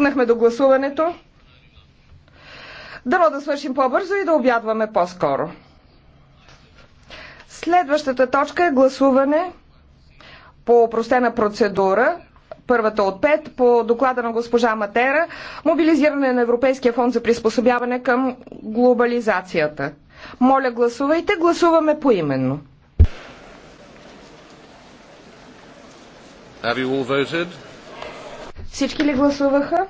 стигнахме до гласуването. Дано да свършим по-бързо и да обядваме по-скоро. Следващата точка е гласуване по опростена процедура, първата от пет, по доклада на госпожа Матера, мобилизиране на Европейския фонд за приспособяване към глобализацията. Моля, гласувайте. Гласуваме поименно. Have you all voted? Всички ли гласуваха?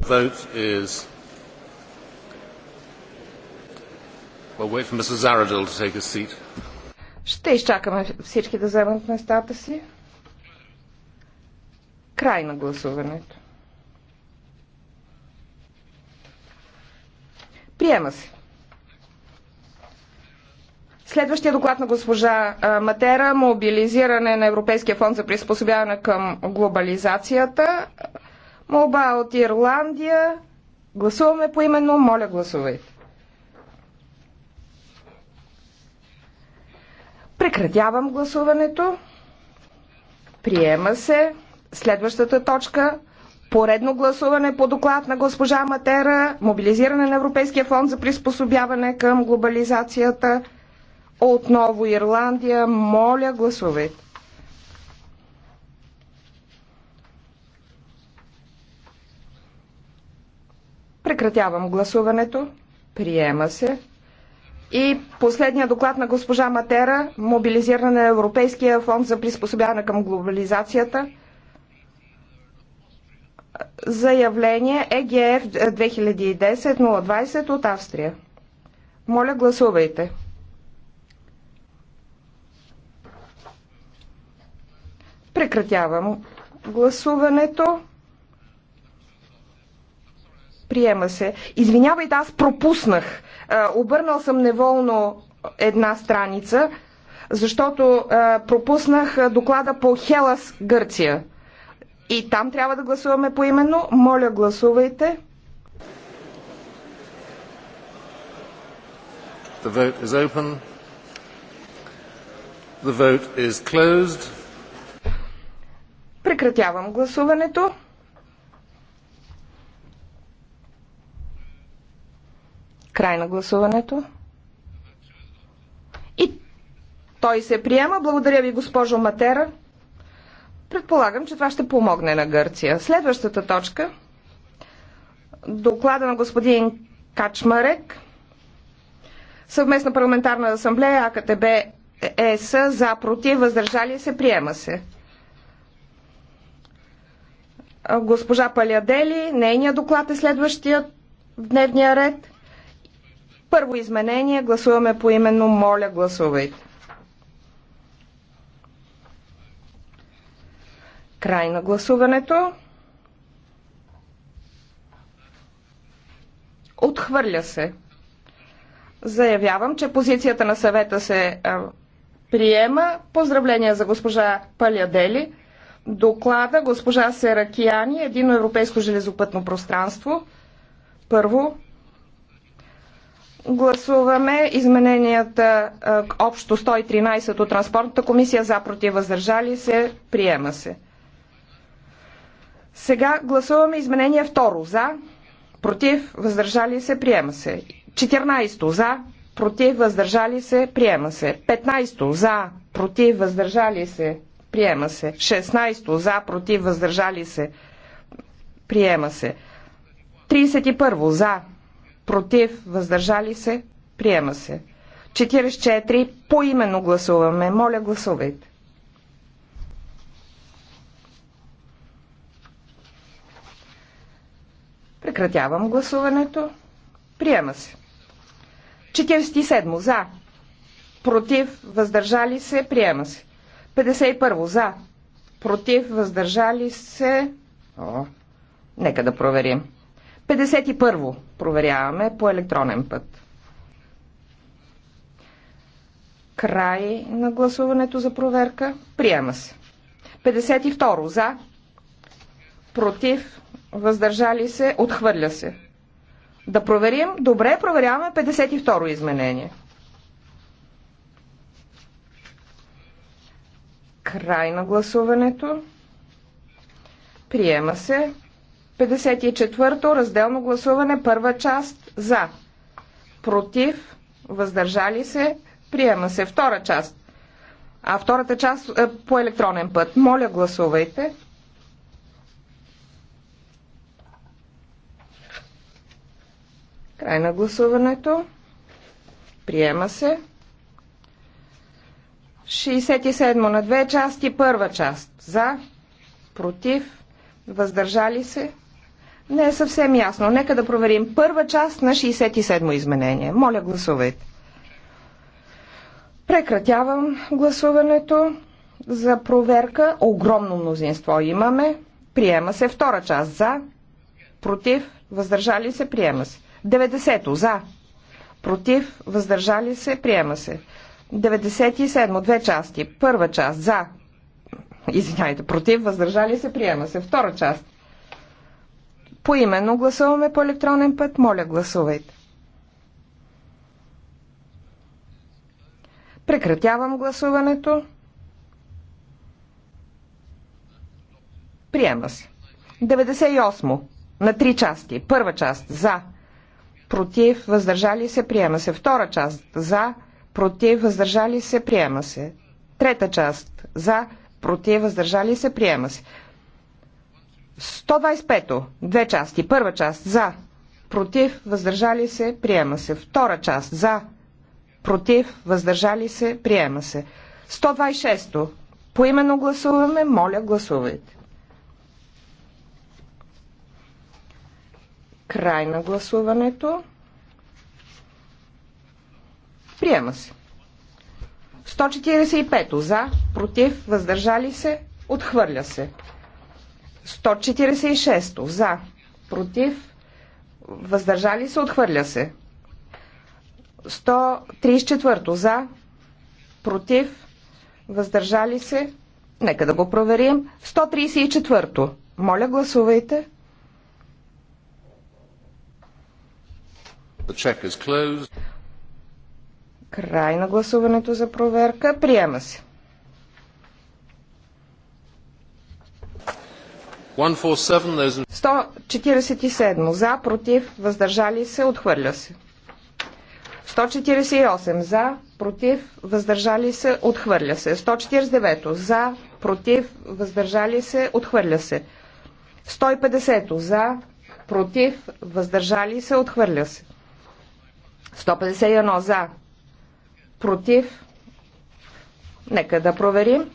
vote is We'll wait for Zaradil to take a seat. Ще изчакаме всички да вземат местата си. Край на гласуването. Приема се. Следващия доклад на госпожа Матера мобилизиране на Европейския фонд за приспособяване към глобализацията. Молба от Ирландия. Гласуваме по именно. Моля, гласувайте. Прекратявам гласуването. Приема се. Следващата точка Поредно гласуване по доклад на госпожа Матера, мобилизиране на Европейския фонд за приспособяване към глобализацията. Отново Ирландия. Моля, гласувайте. Прекратявам гласуването. Приема се. И последния доклад на госпожа Матера – мобилизиране на Европейския фонд за приспособяване към глобализацията. Заявление ЕГФ 2010-020 от Австрия. Моля, гласувайте. Прекратявам гласуването. Приема се. Извинявайте, аз пропуснах. Обърнал съм неволно една страница, защото пропуснах доклада по Хелас, Гърция. И там трябва да гласуваме поименно. Моля, гласувайте. The vote is open. The vote is closed. Прекратявам гласуването. Край на гласуването. И той се приема. Благодаря ви, госпожо Матера. Предполагам, че това ще помогне на Гърция. Следващата точка. Доклада на господин Качмарек. Съвместна парламентарна асамблея АКТБ ЕС за против, въздържали се, приема се госпожа Палядели. Нейният доклад е следващия в дневния ред. Първо изменение. Гласуваме по именно. Моля, гласувайте. Край на гласуването. Отхвърля се. Заявявам, че позицията на съвета се приема. Поздравления за госпожа Палядели доклада госпожа Серакияни Едино европейско железопътно пространство. Първо, гласуваме измененията общо 113 от Транспортната комисия за против въздържали се. Приема се. Сега гласуваме изменение второ. За, против, въздържали се, приема се. 14. За, против, въздържали се, приема се. 15. За, против, въздържали се, Приема се. 16. За, против, въздържали се. Приема се. 31. За, против, въздържали се. Приема се. 44. Поименно гласуваме. Моля, гласувайте. Прекратявам гласуването. Приема се. 47. За. Против. Въздържали се. Приема се. 51 за. Против, въздържали се. О, нека да проверим. 51 проверяваме по електронен път. Край на гласуването за проверка. Приема се. 52 за. Против, въздържали се, отхвърля се. Да проверим. Добре, проверяваме 52 изменение. Край на гласуването. Приема се. 54-то разделно гласуване, първа част за. Против, въздържали се, приема се. Втора част. А втората част е по електронен път. Моля, гласувайте. Край на гласуването. Приема се. 67 на две части, първа част. За, против, въздържали се. Не е съвсем ясно. Нека да проверим първа част на 67 изменение. Моля, гласувайте. Прекратявам гласуването за проверка. Огромно мнозинство имаме. Приема се втора част за, против, въздържали се, приема се. 90 за, против, въздържали се, приема се. 97. Две части. Първа част. За. Извинявайте, против. Въздържали се. Приема се. Втора част. Поименно гласуваме по електронен път. Моля, гласувайте. Прекратявам гласуването. Приема се. 98. На три части. Първа част. За. Против. Въздържали се. Приема се. Втора част. За против, въздържали се, приема се. Трета част. За, против, въздържали се, приема се. 125-то. Две части. Първа част. За, против, въздържали се, приема се. Втора част. За, против, въздържали се, приема се. 126-то. Поименно гласуваме. Моля, гласувайте. Край на гласуването. Приема се. 145 за, против, въздържали се, отхвърля се. 146 за, против, въздържали се, отхвърля се. 134 за, против, въздържали се. Нека да го проверим. 134. Моля, гласувайте. The check is closed. Край на гласуването за проверка. Приема се. 147 за, против, въздържали се, отхвърля се. 148 за, против, въздържали се, отхвърля се. 149 за, против, въздържали се, отхвърля се. 150 за, против, въздържали се, отхвърля се. 151 за, против. Нека да проверим.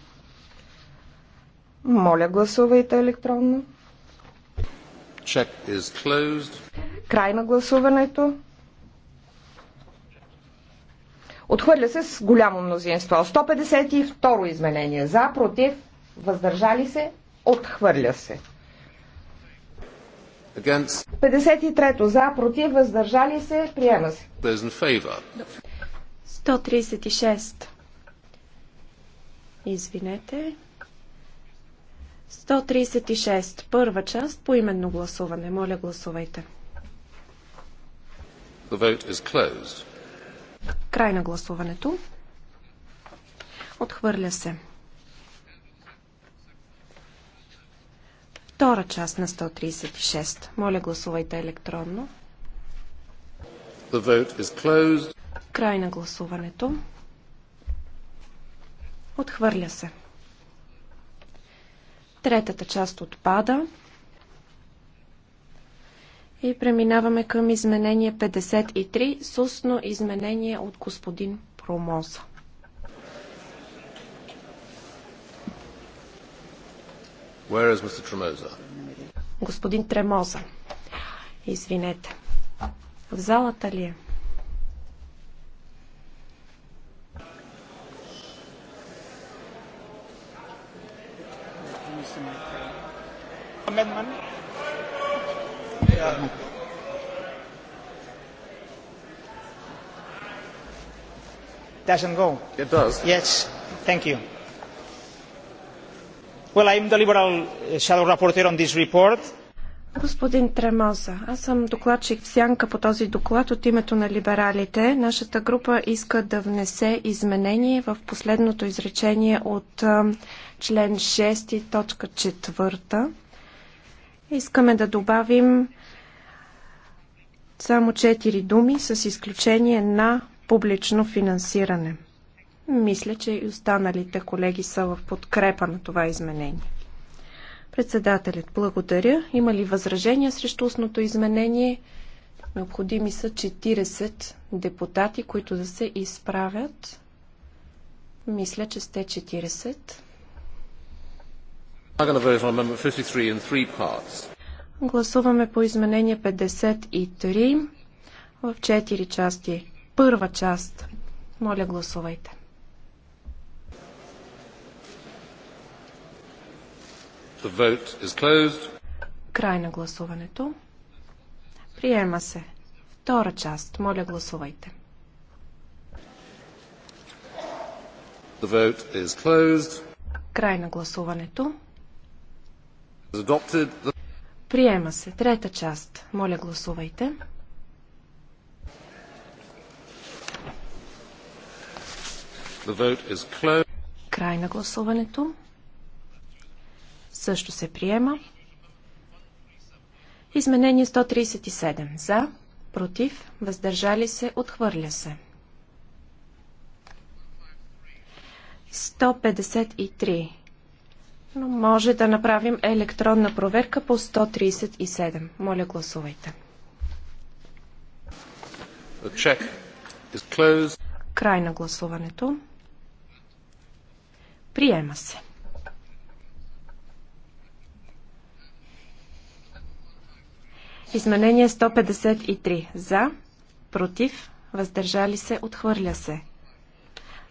Моля, гласувайте електронно. Check is closed. Край на гласуването. Отхвърля се с голямо мнозинство. 152 изменение. За, против, въздържали се, отхвърля се. 53 за, против, въздържали се, приема се. 136. Извинете. 136. Първа част по именно гласуване. Моля, гласувайте. The vote is closed. Край на гласуването. Отхвърля се. Втора част на 136. Моля, гласувайте електронно. The vote is closed. Край на гласуването. Отхвърля се. Третата част отпада. И преминаваме към изменение 53, устно изменение от господин Промоза. Where is Mr. Tremosa? Господин Тремоза. Извинете. В залата ли е? doesn't go. It does. Yes. Thank you. Well, I'm the Liberal uh, Shadow Rapporteur on this report. Господин Тремоза, аз съм докладчик в сянка по този доклад от името на либералите. Нашата група иска да внесе изменение в последното изречение от член 6, точка 4. Искаме да добавим само четири думи с изключение на публично финансиране. Мисля, че и останалите колеги са в подкрепа на това изменение. Председателят, благодаря. Има ли възражения срещу устното изменение? Необходими са 40 депутати, които да се изправят. Мисля, че сте 40. Гласуваме по изменение 53 в 4 части. Първа част. Моля, гласувайте. The vote is closed. Край на гласуването. Приема се. Втора част. Моля, гласувайте. The vote is closed. Край на гласуването. Приема се. Трета част. Моля, гласувайте. Край на гласуването. Също се приема. Изменение 137. За, против, въздържали се, отхвърля се. 153. Но може да направим електронна проверка по 137. Моля, гласувайте. Край на гласуването. Приема се. Изменение 153. За, против, въздържали се, отхвърля се.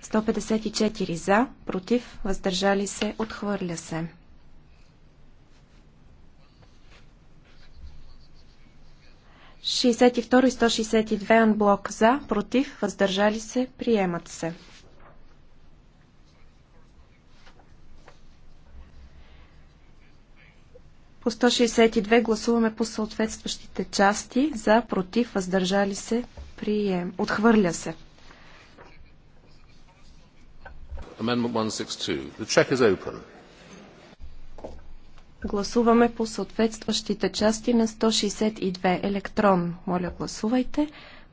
154. За, против, въздържали се, отхвърля се. Шестдесет и второ и 162 анблок за, против, въздържали се, приемат се. По 162 гласуваме по съответстващите части. За, против, въздържали се, прием. Отхвърля се. Гласуваме по съответстващите части на 162 електрон. Моля, гласувайте.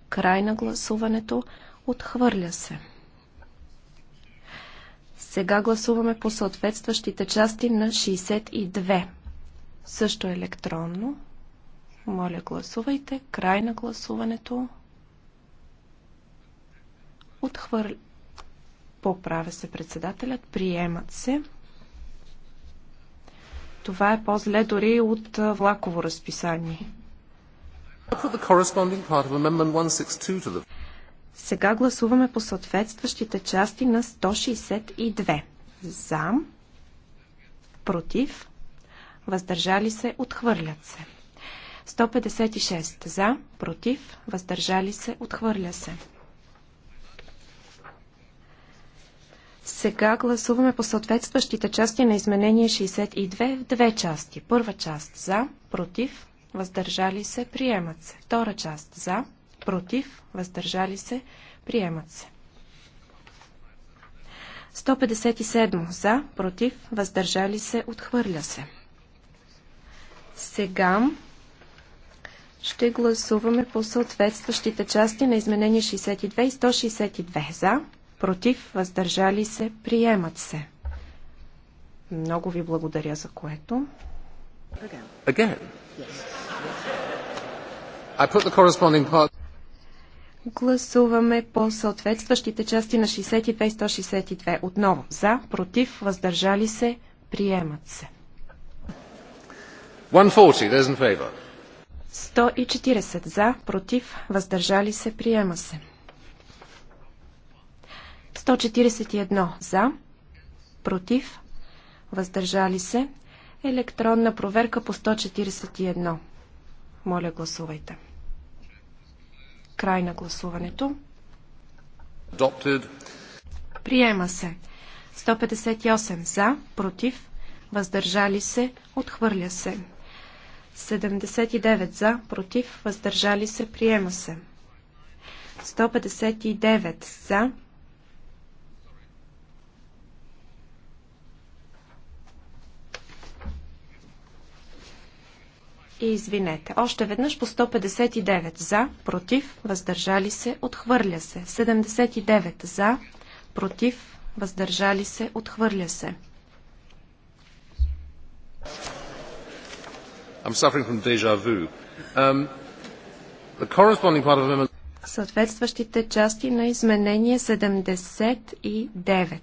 Край на гласуването. Отхвърля се. Сега гласуваме по съответстващите части на 62. Също електронно. Моля, гласувайте. Край на гласуването. Отхвърля. Поправя се председателят. Приемат се. Това е по-зле дори от влаково разписание. Сега гласуваме по съответстващите части на 162. За, против, въздържали се, отхвърлят се. 156 за, против, въздържали се, отхвърля се. Сега гласуваме по съответстващите части на изменение 62 в две части. Първа част за, против, въздържали се, приемат се. Втора част за, против, въздържали се, приемат се. 157 за, против, въздържали се, отхвърля се. Сега ще гласуваме по съответстващите части на изменение 62 и 162. За, против, въздържали се, приемат се. Много ви благодаря за което. Again. Again. Гласуваме по съответстващите части на 62 и 162. Отново за, против, въздържали се, приемат се. 140, за, против, въздържали се, приема се. 141 за, против, въздържали се. Електронна проверка по 141. Моля, гласувайте. Край на гласуването. Adopted. Приема се. 158 за, против, въздържали се, отхвърля се. 79 за, против, въздържали се, приема се. 159 за. И извинете, още веднъж по 159 за, против, въздържали се, отхвърля се. 79 за, против, въздържали се, отхвърля се. I'm suffering from deja vu. Um, the corresponding part of amendment... Съответстващите части на изменение 79.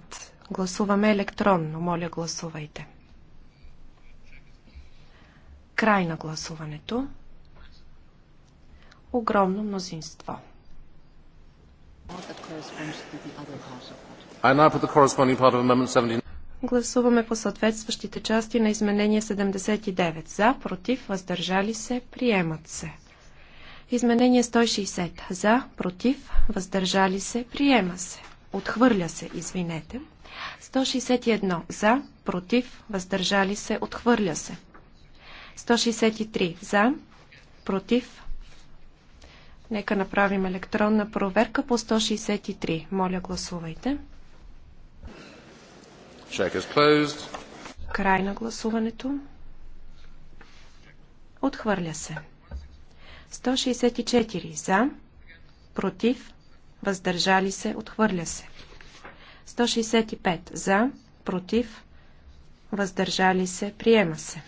Гласуваме електронно. Моля, гласувайте. Край на гласуването. Огромно мнозинство. I now put the corresponding part of Amendment 79. Гласуваме по съответстващите части на изменение 79. За, против, въздържали се, приемат се. Изменение 160. За, против, въздържали се, приема се. Отхвърля се, извинете. 161. За, против, въздържали се, отхвърля се. 163. За, против. Нека направим електронна проверка по 163. Моля, гласувайте. Край на гласуването. Отхвърля се. 164 за, против, въздържали се, отхвърля се. 165 за, против, въздържали се, приема се.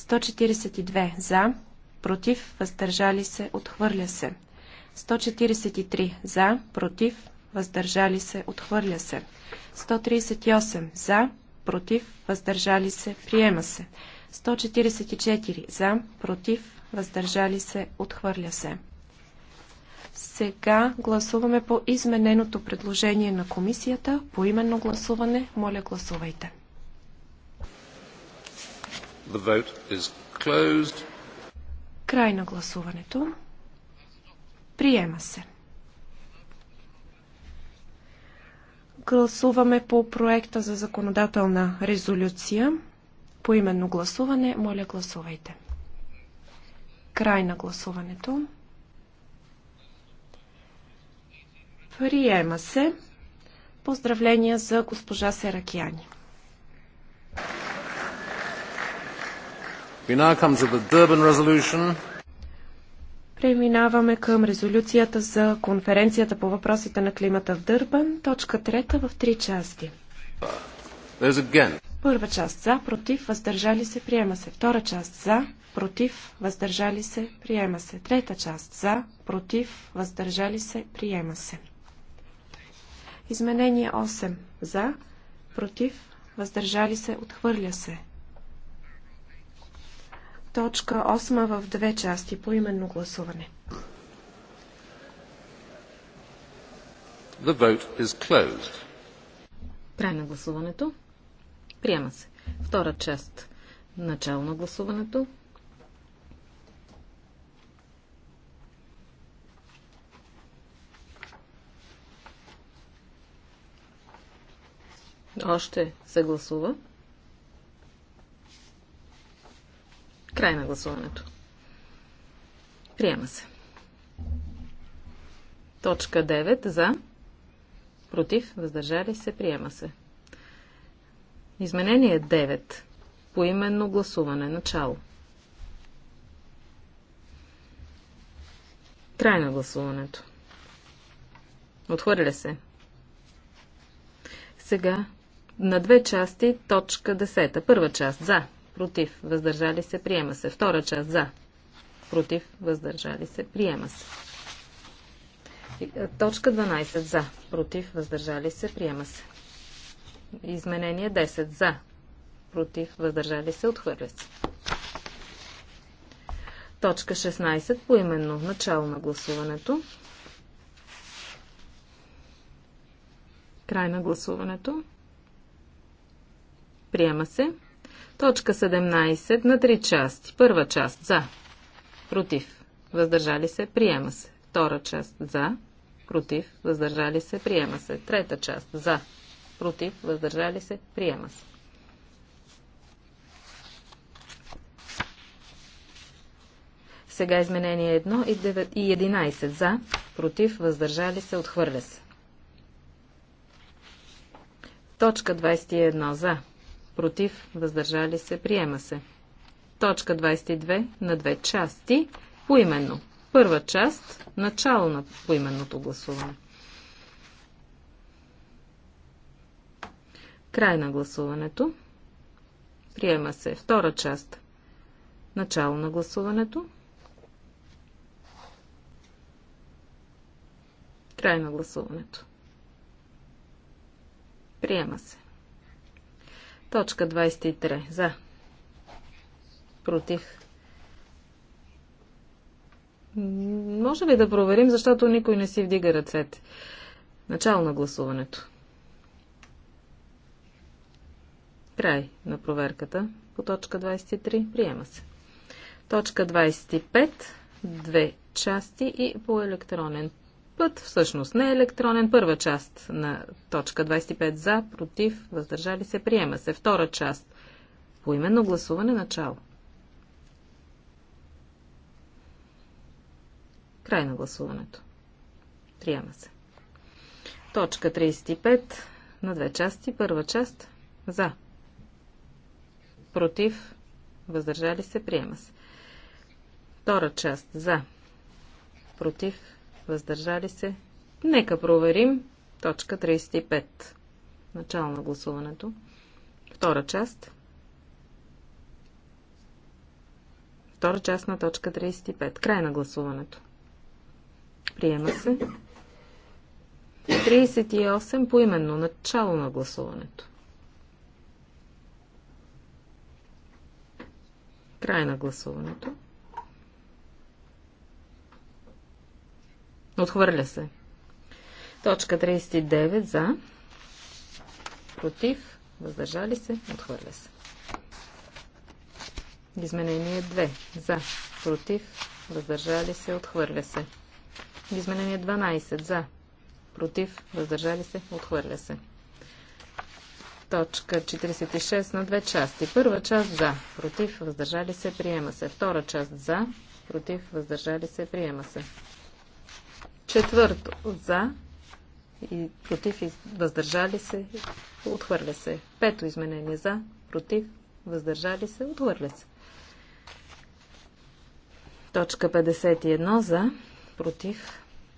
142 за, против, въздържали се, отхвърля се. 143 за, против, въздържали се, отхвърля се. 138 за, против, въздържали се, приема се. 144 за, против, въздържали се, отхвърля се. Сега гласуваме по измененото предложение на комисията. По именно гласуване, моля гласувайте. The vote is closed. Край на гласуването. Приема се. Гласуваме по проекта за законодателна резолюция. По именно гласуване, моля гласувайте. Край на гласуването. Приема се. Поздравления за госпожа Серакияни. We now come to the Durban resolution. Преминаваме към резолюцията за конференцията по въпросите на климата в Дърбан, точка трета в три части. Първа част за, против, въздържали се, приема се. Втора част за, против, въздържали се, приема се. Трета част за, против, въздържали се, приема се. Изменение 8 за, против, въздържали се, отхвърля се. Точка 8 в две части по именно гласуване. The vote is closed. Край на гласуването. Приема се. Втора част. Начало на гласуването. Още се гласува. Край на гласуването. Приема се. Точка 9 за. Против. Въздържали се. Приема се. Изменение 9. Поименно гласуване. Начало. Край на гласуването. Отхвърля се. Сега на две части точка 10. Първа част за против, въздържали се, приема се. Втора част за, против, въздържали се, приема се. Е, точка 12 за, против, въздържали се, приема се. Изменение 10 за, против, въздържали се, отхвърля се. Точка 16 поименно начало на гласуването. Край на гласуването. Приема се. Точка 17 на три части. Първа част за. Против. Въздържали се. Приема се. Втора част за. Против. Въздържали се. Приема се. Трета част за. Против. Въздържали се. Приема се. Сега изменение 1 и 11 за, против, въздържали се, отхвърля се. Точка 21 за, против, въздържали се, приема се. Точка 22 на две части, поименно. Първа част, начало на поименното гласуване. Край на гласуването. Приема се втора част. Начало на гласуването. Край на гласуването. Приема се. Точка 23. За. Против. Може ли да проверим, защото никой не си вдига ръцете? Начало на гласуването. Край на проверката по точка 23. Приема се. Точка 25. Две части и по електронен път всъщност не е електронен. Първа част на точка 25 за, против, въздържали се, приема се. Втора част по именно гласуване начало. Край на гласуването. Приема се. Точка 35 на две части. Първа част за. Против. Въздържали се. Приема се. Втора част за. Против въздържали се. Нека проверим точка 35. Начало на гласуването. Втора част. Втора част на точка 35. Край на гласуването. Приема се. 38 по именно начало на гласуването. Край на гласуването. Отхвърля се. Точка 39 за. Против. Въздържали се. Отхвърля се. Изменение 2. За. Против. Въздържали се. Отхвърля се. Изменение 12. За. Против. Въздържали се. Отхвърля се. Точка 46 на две части. Първа част за. Против. Въздържали се. Приема се. Втора част за. Против. Въздържали се. Приема се. Четвърто за и против и въздържали се, отхвърля се. Пето изменение за, против, въздържали се, отхвърля се. Точка 51 за, против,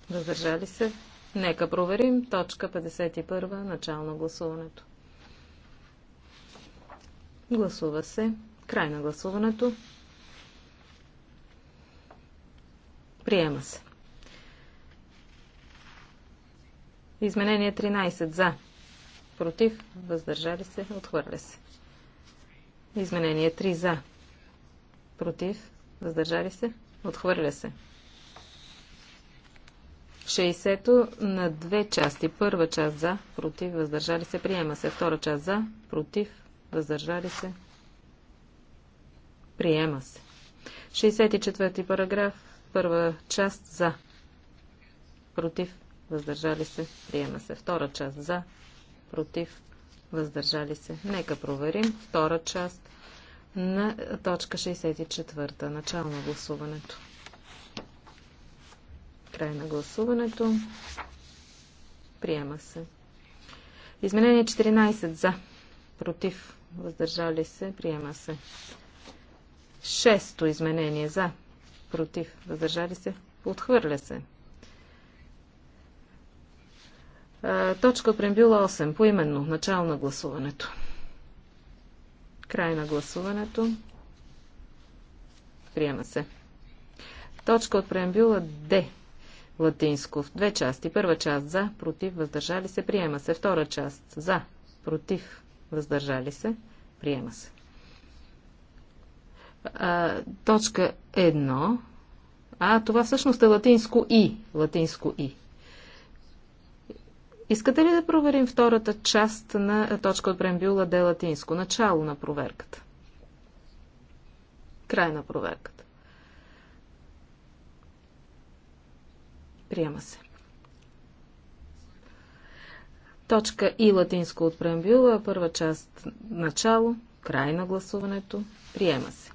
въздържали се. Нека проверим точка 51, начало на гласуването. Гласува се. Край на гласуването. Приема се. Изменение 13 за. Против. Въздържали се. Отхвърля се. Изменение 3 за. Против. Въздържали се. Отхвърля се. 60-то на две части. Първа част за, против, въздържали се, приема се. Втора част за, против, въздържали се, приема се. 64-ти параграф, първа част за, против, въздържали се, приема се. Втора част за, против, въздържали се. Нека проверим втора част на точка 64. Начало на гласуването. Край на гласуването. Приема се. Изменение 14 за, против, въздържали се, приема се. Шесто изменение за, против, въздържали се, отхвърля се. Точка от преамбюла 8. Поименно. Начало на гласуването. Край на гласуването. Приема се. Точка от преамбюла Д. Латинско. В две части. Първа част за, против, въздържали се, приема се. Втора част за, против, въздържали се, приема се. А, точка 1. А, това всъщност е латинско И. Латинско И. Искате ли да проверим втората част на е, точка от прембюла де латинско? Начало на проверката. Край на проверката. Приема се. Точка и латинско от преамбюла, първа част начало, край на гласуването, приема се.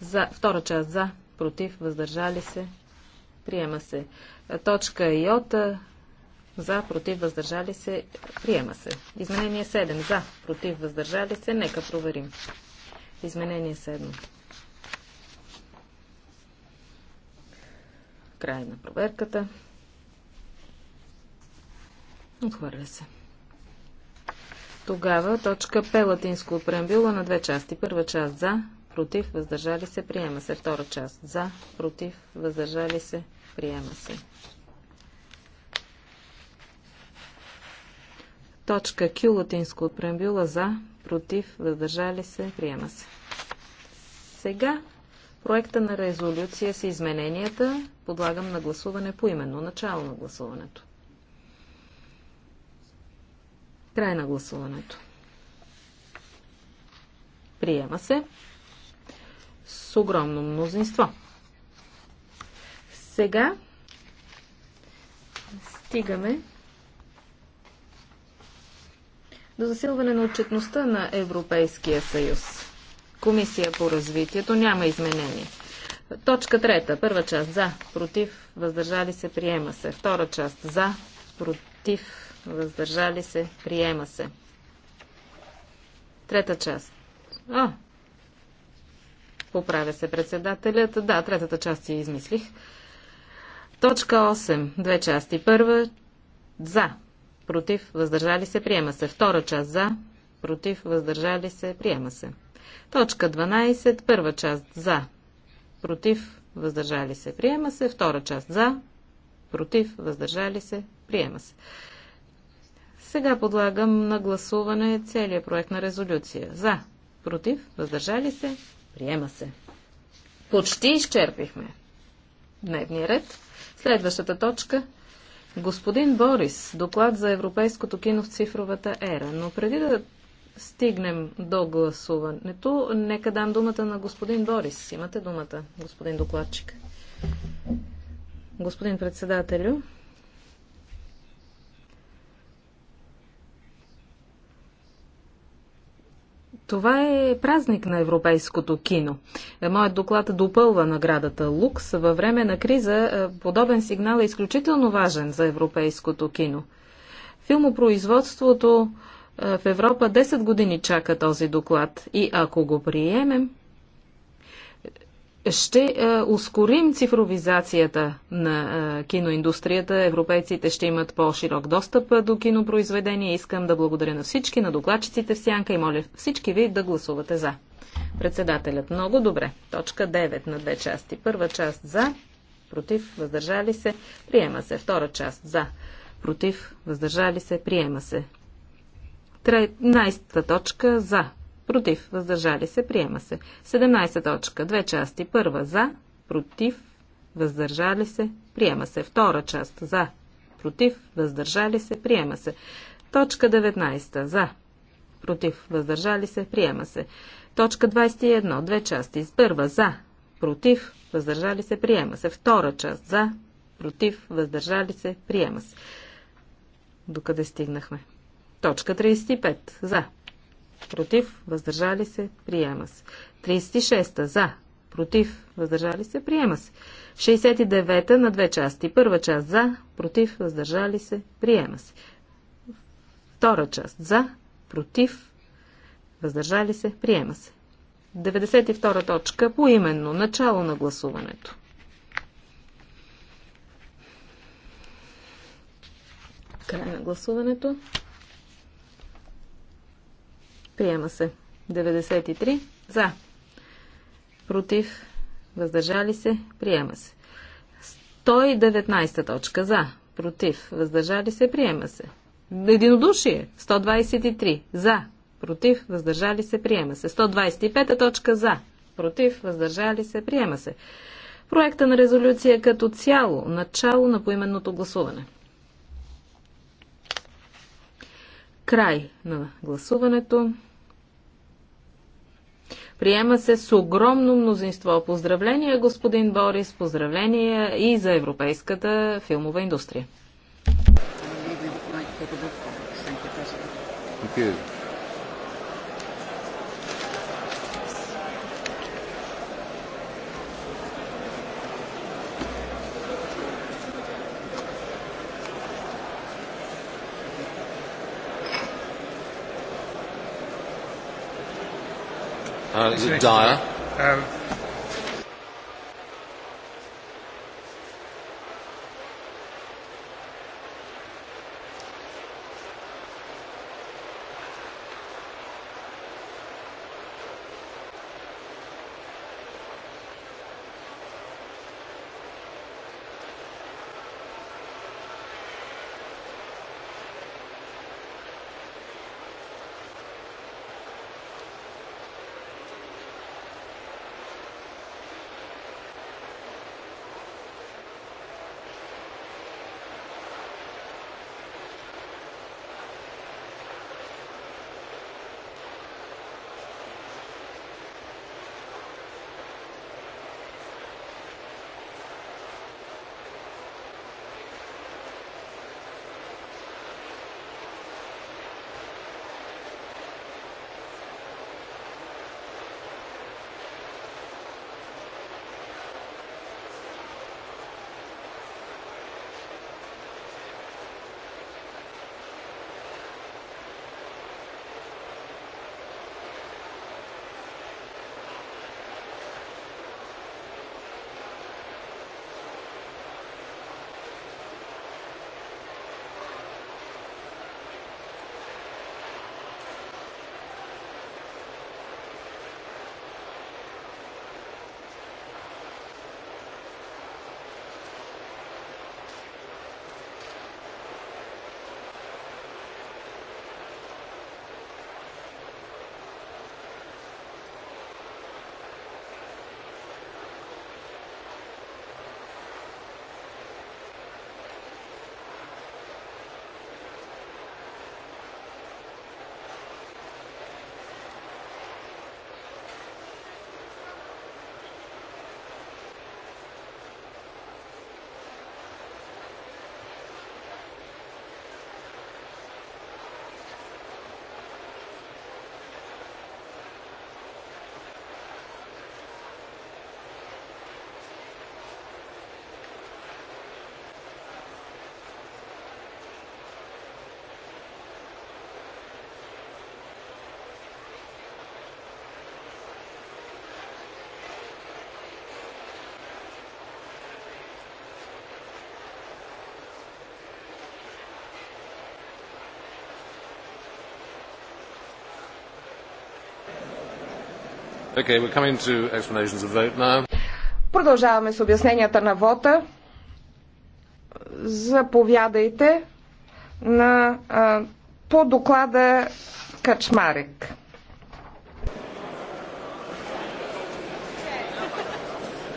За, втора част за, против, въздържали се, приема се. Точка и ота, е, за, против, въздържали се, приема се. Изменение 7. За, против, въздържали се, нека проверим. Изменение 7. Край на проверката. Отхвърля се. Тогава точка П латинско преамбюла на две части. Първа част за, против, въздържали се, приема се. Втора част за, против, въздържали се, приема се. Точка Q латинско от преамбюла за, против, въздържали се, приема се. Сега проекта на резолюция с измененията подлагам на гласуване по именно начало на гласуването. Край на гласуването. Приема се с огромно мнозинство. Сега стигаме до засилване на отчетността на Европейския съюз. Комисия по развитието няма изменение. Точка трета. Първа част за, против, въздържали се, приема се. Втора част за, против, въздържали се, приема се. Трета част. А, поправя се председателят. Да, третата част си измислих. Точка 8. Две части. Първа за, против, въздържали се, приема се. Втора част за, против, въздържали се, приема се. Точка 12, първа част за, против, въздържали се, приема се. Втора част за, против, въздържали се, приема се. Сега подлагам на гласуване целият проект на резолюция. За, против, въздържали се, приема се. Почти изчерпихме дневния ред. Следващата точка Господин Борис, доклад за европейското кино в цифровата ера. Но преди да стигнем до гласуването, нека дам думата на господин Борис. Имате думата, господин докладчик. Господин председателю, Това е празник на европейското кино. Е, моят доклад допълва наградата Лукс. Във време на криза е, подобен сигнал е изключително важен за европейското кино. Филмопроизводството е, в Европа 10 години чака този доклад и ако го приемем, ще е, ускорим цифровизацията на е, киноиндустрията. Европейците ще имат по-широк достъп е, до кинопроизведения. Искам да благодаря на всички, на докладчиците в Сянка и моля всички ви да гласувате за. Председателят много добре. Точка 9 на две части. Първа част за, против, въздържали се, приема се. Втора част за, против, въздържали се, приема се. Тринайста точка за, против, въздържали се, приема се. 17 точка, две части, първа за, против, въздържали се, приема се. Втора част за, против, въздържали се, приема се. Точка 19 за, против, въздържали се, приема се. Точка 21, две части, първа за, против, въздържали се, приема се. Втора част за, против, въздържали се, приема се. Докъде стигнахме? Точка 35. За против, въздържали се, приема се. 36 за, против, въздържали се, приема се. 69 та на две части. Първа част за, против, въздържали се, приема се. Втора част за, против, въздържали се, приема се. 92 точка по именно начало на гласуването. Край на гласуването. Приема се. 93. За. Против. Въздържали се. Приема се. 119 точка. За. Против. Въздържали се. Приема се. Единодушие. 123. За. Против. Въздържали се. Приема се. 125 точка. За. Против. Въздържали се. Приема се. Проекта на резолюция като цяло. Начало на поименното гласуване. Край на гласуването. Приема се с огромно мнозинство. Поздравления, господин Борис, поздравления и за европейската филмова индустрия. Thank you. Uh, is it dire? Okay, we're coming to explanations of vote now. Продължаваме с обясненията на вота. Заповядайте на, а, по доклада Качмарик.